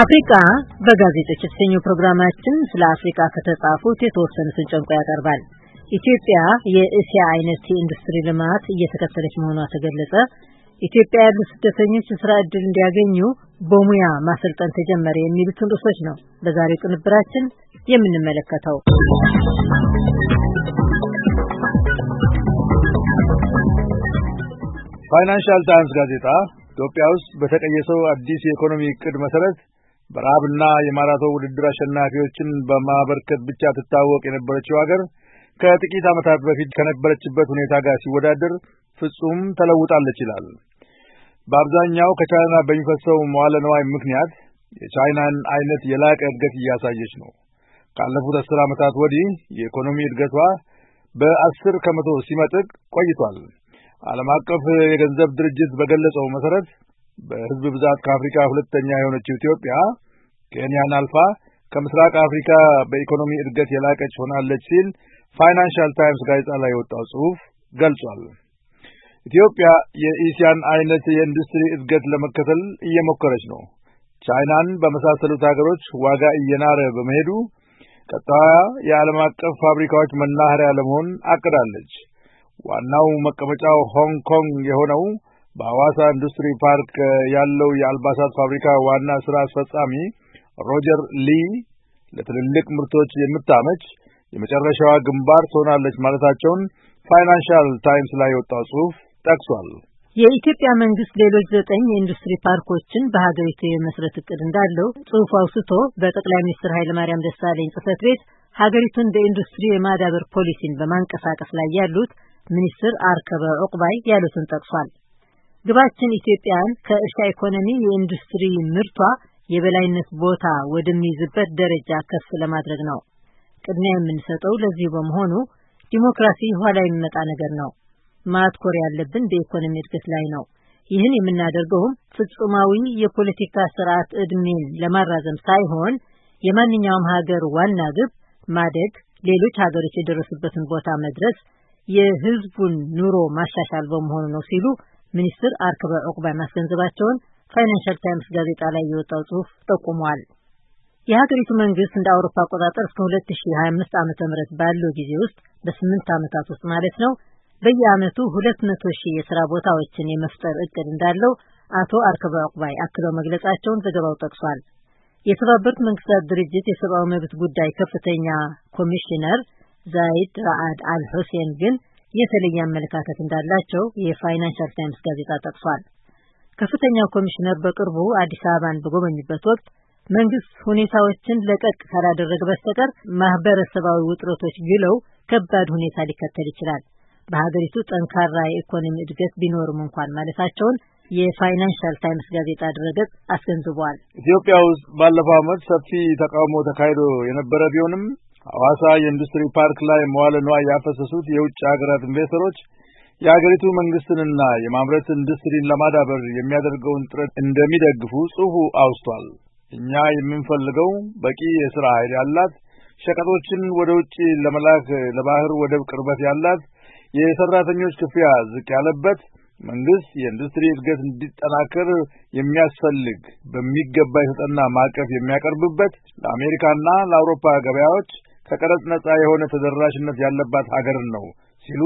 አፍሪካ በጋዜጦች የተሰኘው ፕሮግራማችን ስለ አፍሪካ ከተጻፉት የተወሰኑትን ጨምቆ ያቀርባል። ኢትዮጵያ የእስያ አይነት የኢንዱስትሪ ልማት እየተከተለች መሆኗ ተገለጸ፣ ኢትዮጵያ ያሉ ስደተኞች የስራ እድል እንዲያገኙ በሙያ ማሰልጠን ተጀመረ፣ የሚሉትን ርዕሶች ነው በዛሬው ቅንብራችን የምንመለከተው። ፋይናንሻል ታይምስ ጋዜጣ ኢትዮጵያ ውስጥ በተቀየሰው አዲስ የኢኮኖሚ እቅድ መሰረት በረሃብና የማራቶን ውድድር አሸናፊዎችን በማበርከት ብቻ ትታወቅ የነበረችው ሀገር ከጥቂት ዓመታት በፊት ከነበረችበት ሁኔታ ጋር ሲወዳደር ፍጹም ተለውጣለች ይላል። በአብዛኛው ከቻይና በሚፈሰው መዋለ ነዋይ ምክንያት የቻይናን አይነት የላቀ እድገት እያሳየች ነው። ካለፉት አስር ዓመታት ወዲህ የኢኮኖሚ እድገቷ በአስር ከመቶ ሲመጥቅ ቆይቷል። ዓለም አቀፍ የገንዘብ ድርጅት በገለጸው መሠረት በህዝብ ብዛት ከአፍሪካ ሁለተኛ የሆነችው ኢትዮጵያ ኬንያን አልፋ ከምስራቅ አፍሪካ በኢኮኖሚ እድገት የላቀች ሆናለች ሲል ፋይናንሻል ታይምስ ጋዜጣ ላይ የወጣው ጽሑፍ ገልጿል። ኢትዮጵያ የኢሲያን አይነት የኢንዱስትሪ እድገት ለመከተል እየሞከረች ነው። ቻይናን በመሳሰሉት ሀገሮች ዋጋ እየናረ በመሄዱ ቀጣ የዓለም አቀፍ ፋብሪካዎች መናኸሪያ ለመሆን አቅዳለች። ዋናው መቀመጫው ሆንግ ኮንግ የሆነው በሐዋሳ ኢንዱስትሪ ፓርክ uh, ያለው የአልባሳት ፋብሪካ ዋና ስራ አስፈጻሚ ሮጀር ሊ ለትልልቅ ምርቶች የምታመች የመጨረሻዋ ግንባር ትሆናለች ማለታቸውን ፋይናንሻል ታይምስ ላይ የወጣው ጽሑፍ ጠቅሷል። የኢትዮጵያ መንግስት ሌሎች ዘጠኝ የኢንዱስትሪ ፓርኮችን በሀገሪቱ የመስረት እቅድ እንዳለው ጽሑፍ አውስቶ በጠቅላይ ሚኒስትር ኃይለማርያም ደሳለኝ ጽህፈት ቤት ሀገሪቱን በኢንዱስትሪ የማዳበር ፖሊሲን በማንቀሳቀስ ላይ ያሉት ሚኒስትር አርከበ ዑቅባይ ያሉትን ጠቅሷል። ግባችን ኢትዮጵያን ከእርሻ ኢኮኖሚ የኢንዱስትሪ ምርቷ የበላይነት ቦታ ወደሚይዝበት ደረጃ ከፍ ለማድረግ ነው። ቅድሚያ የምንሰጠው ለዚህ በመሆኑ ዲሞክራሲ ኋላ የሚመጣ ነገር ነው። ማትኮር ያለብን በኢኮኖሚ እድገት ላይ ነው። ይህን የምናደርገውም ፍጹማዊ የፖለቲካ ስርዓት እድሜን ለማራዘም ሳይሆን የማንኛውም ሀገር ዋና ግብ ማደግ፣ ሌሎች ሀገሮች የደረሱበትን ቦታ መድረስ፣ የህዝቡን ኑሮ ማሻሻል በመሆኑ ነው ሲሉ ሚኒስትር አርከበ ዑቅባ ማስገንዘባቸውን ፋይናንሻል ታይምስ ጋዜጣ ላይ የወጣው ጽሑፍ ጠቁሟል። የሀገሪቱ መንግስት እንደ አውሮፓ አቆጣጠር እስከ 2025 ዓ ም ባለው ጊዜ ውስጥ በስምንት ዓመታት ውስጥ ማለት ነው በየአመቱ 200 ሺህ የስራ ቦታዎችን የመፍጠር እቅድ እንዳለው አቶ አርከበ ዕቁባይ አክለው መግለጻቸውን ዘገባው ጠቅሷል። የተባበሩት መንግስታት ድርጅት የሰብአዊ መብት ጉዳይ ከፍተኛ ኮሚሽነር ዛይድ ራአድ አል ሁሴን ግን የተለየ አመለካከት እንዳላቸው የፋይናንሻል ታይምስ ጋዜጣ ጠቅሷል። ከፍተኛው ኮሚሽነር በቅርቡ አዲስ አበባን በጎበኙበት ወቅት መንግስት ሁኔታዎችን ለቀቅ ካላደረገ በስተቀር ማህበረሰባዊ ውጥረቶች ግለው ከባድ ሁኔታ ሊከተል ይችላል፣ በሀገሪቱ ጠንካራ የኢኮኖሚ እድገት ቢኖርም እንኳን ማለታቸውን የፋይናንሻል ታይምስ ጋዜጣ ድረገጽ አስገንዝቧል። ኢትዮጵያ ውስጥ ባለፈው ዓመት ሰፊ ተቃውሞ ተካሂዶ የነበረ ቢሆንም ሐዋሳ የኢንዱስትሪ ፓርክ ላይ መዋለ ንዋይ ያፈሰሱት የውጭ ሀገራት ኢንቨስተሮች የሀገሪቱ መንግስትንና የማምረት ኢንዱስትሪን ለማዳበር የሚያደርገውን ጥረት እንደሚደግፉ ጽሑፉ አውስቷል። እኛ የምንፈልገው በቂ የሥራ ኃይል ያላት፣ ሸቀጦችን ወደ ውጭ ለመላክ ለባህር ወደብ ቅርበት ያላት፣ የሠራተኞች ክፍያ ዝቅ ያለበት መንግስት የኢንዱስትሪ እድገት እንዲጠናከር የሚያስፈልግ በሚገባ የተጠና ማዕቀፍ የሚያቀርብበት ለአሜሪካና ለአውሮፓ ገበያዎች ከቀረጽ ነጻ የሆነ ተደራሽነት ያለባት ሀገር ነው ሲሉ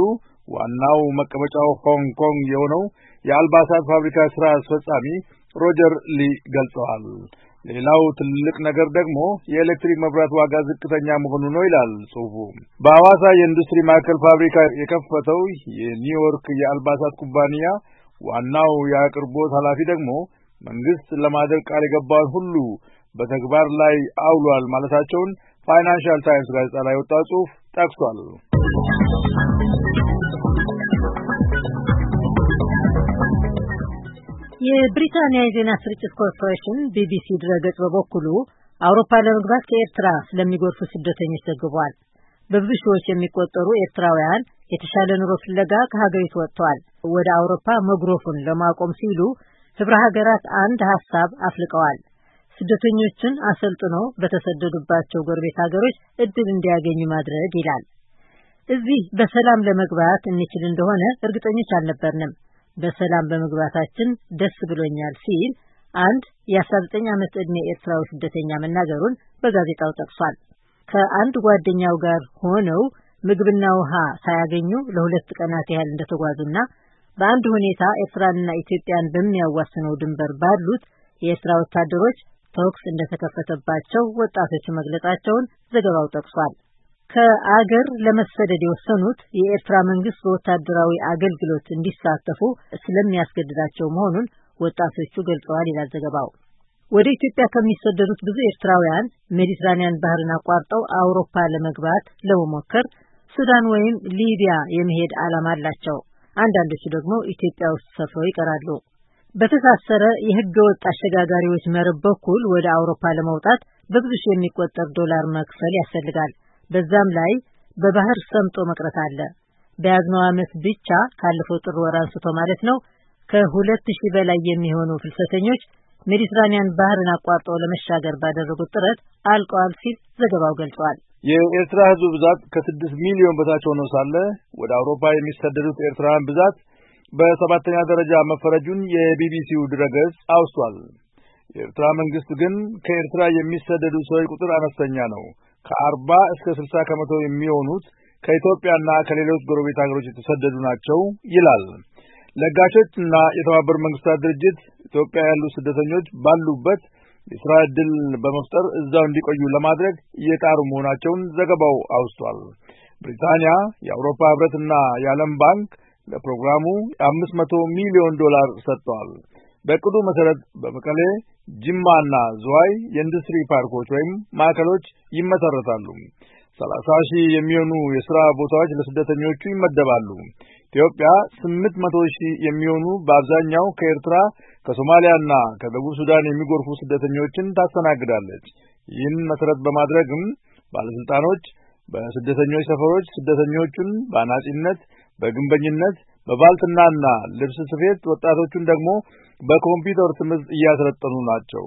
ዋናው መቀመጫው ሆንግ ኮንግ የሆነው የአልባሳት ፋብሪካ ስራ አስፈጻሚ ሮጀር ሊ ገልጸዋል። ሌላው ትልቅ ነገር ደግሞ የኤሌክትሪክ መብራት ዋጋ ዝቅተኛ መሆኑ ነው ይላል ጽሑፉ። በሐዋሳ የኢንዱስትሪ ማዕከል ፋብሪካ የከፈተው የኒውዮርክ የአልባሳት ኩባንያ ዋናው የአቅርቦት ኃላፊ ደግሞ መንግስት ለማድረግ ቃል የገባውን ሁሉ በተግባር ላይ አውሏል ማለታቸውን ፋይናንሻል ታይምስ ጋዜጣ ላይ የወጣ ጽሑፍ ጠቅሷል። የብሪታንያ የዜና ስርጭት ኮርፖሬሽን ቢቢሲ ድረገጽ በበኩሉ አውሮፓ ለመግባት ከኤርትራ ስለሚጎርፉ ስደተኞች ዘግቧል። በብዙ ሺዎች የሚቆጠሩ ኤርትራውያን የተሻለ ኑሮ ፍለጋ ከሀገሪቱ ወጥተዋል። ወደ አውሮፓ መጉረፉን ለማቆም ሲሉ ህብረ ሀገራት አንድ ሀሳብ አፍልቀዋል። ስደተኞችን አሰልጥኖ በተሰደዱባቸው ጎረቤት ሀገሮች እድል እንዲያገኙ ማድረግ ይላል። እዚህ በሰላም ለመግባት እንችል እንደሆነ እርግጠኞች አልነበርንም። በሰላም በመግባታችን ደስ ብሎኛል ሲል አንድ የ19 ዓመት ዕድሜ ኤርትራዊ ስደተኛ መናገሩን በጋዜጣው ጠቅሷል። ከአንድ ጓደኛው ጋር ሆነው ምግብና ውሃ ሳያገኙ ለሁለት ቀናት ያህል እንደተጓዙና በአንድ ሁኔታ ኤርትራንና ኢትዮጵያን በሚያዋስነው ድንበር ባሉት የኤርትራ ወታደሮች ተኩስ እንደተከፈተባቸው ወጣቶቹ መግለጻቸውን ዘገባው ጠቅሷል። ከአገር ለመሰደድ የወሰኑት የኤርትራ መንግስት በወታደራዊ አገልግሎት እንዲሳተፉ ስለሚያስገድዳቸው መሆኑን ወጣቶቹ ገልጸዋል ይላል ዘገባው። ወደ ኢትዮጵያ ከሚሰደዱት ብዙ ኤርትራውያን ሜዲትራኒያን ባህርን አቋርጠው አውሮፓ ለመግባት ለመሞከር ሱዳን ወይም ሊቢያ የመሄድ ዓላማ አላቸው። አንዳንዶቹ ደግሞ ኢትዮጵያ ውስጥ ሰፍረው ይቀራሉ። በተሳሰረ የህገ ወጥ አሸጋጋሪዎች መረብ በኩል ወደ አውሮፓ ለመውጣት በብዙ ሺህ የሚቆጠር ዶላር መክፈል ያስፈልጋል። በዛም ላይ በባህር ሰምጦ መቅረት አለ። በያዝነው ዓመት ብቻ ካለፈው ጥር ወር አንስቶ ማለት ነው ከሁለት ሺህ በላይ የሚሆኑ ፍልሰተኞች ሜዲትራኒያን ባህርን አቋርጠው ለመሻገር ባደረጉት ጥረት አልቀዋል ሲል ዘገባው ገልጿል። የኤርትራ ህዝብ ብዛት ከስድስት ሚሊዮን በታች ሆኖ ሳለ ወደ አውሮፓ የሚሰደዱት ኤርትራውያን ብዛት በሰባተኛ ደረጃ መፈረጁን የቢቢሲው ድረገጽ አውስቷል። የኤርትራ መንግስት ግን ከኤርትራ የሚሰደዱ ሰዎች ቁጥር አነስተኛ ነው፣ ከአርባ እስከ ስልሳ ከመቶ የሚሆኑት ከኢትዮጵያና ከሌሎች ጎረቤት ሀገሮች የተሰደዱ ናቸው ይላል። ለጋሾች እና የተባበሩት መንግስታት ድርጅት ኢትዮጵያ ያሉ ስደተኞች ባሉበት የስራ ዕድል በመፍጠር እዛው እንዲቆዩ ለማድረግ እየጣሩ መሆናቸውን ዘገባው አውስቷል። ብሪታንያ፣ የአውሮፓ ህብረትና የዓለም ባንክ ለፕሮግራሙ አምስት መቶ ሚሊዮን ዶላር ሰጥተዋል። በእቅዱ መሰረት በመቀሌ ጅማና ዝዋይ የኢንዱስትሪ ፓርኮች ወይም ማዕከሎች ይመሰረታሉ። ሰላሳ ሺህ የሚሆኑ የስራ ቦታዎች ለስደተኞቹ ይመደባሉ። ኢትዮጵያ ስምንት መቶ ሺህ የሚሆኑ በአብዛኛው ከኤርትራ ከሶማሊያና ከደቡብ ሱዳን የሚጎርፉ ስደተኞችን ታስተናግዳለች። ይህን መሰረት በማድረግም ባለስልጣኖች በስደተኞች ሰፈሮች ስደተኞቹን በአናጺነት በግንበኝነት በባልትናና ልብስ ስፌት፣ ወጣቶቹን ደግሞ በኮምፒውተር ትምህርት እያሰለጠኑ ናቸው።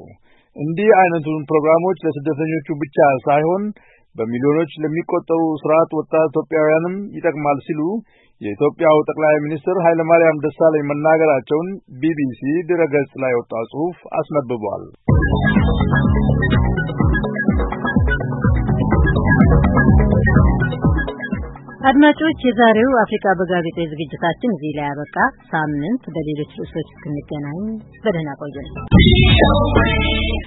እንዲህ አይነቱን ፕሮግራሞች ለስደተኞቹ ብቻ ሳይሆን በሚሊዮኖች ለሚቆጠሩ ስርዓት ወጣት ኢትዮጵያውያንም ይጠቅማል ሲሉ የኢትዮጵያው ጠቅላይ ሚኒስትር ኃይለማርያም ደሳለኝ መናገራቸውን ቢቢሲ ድረገጽ ላይ ወጣ ጽሑፍ አስነብቧል። አድማጮች፣ የዛሬው አፍሪካ በጋዜጣ ዝግጅታችን እዚህ ላይ ያበቃ። ሳምንት በሌሎች ርዕሶች እስክንገናኝ በደህና ቆዩን።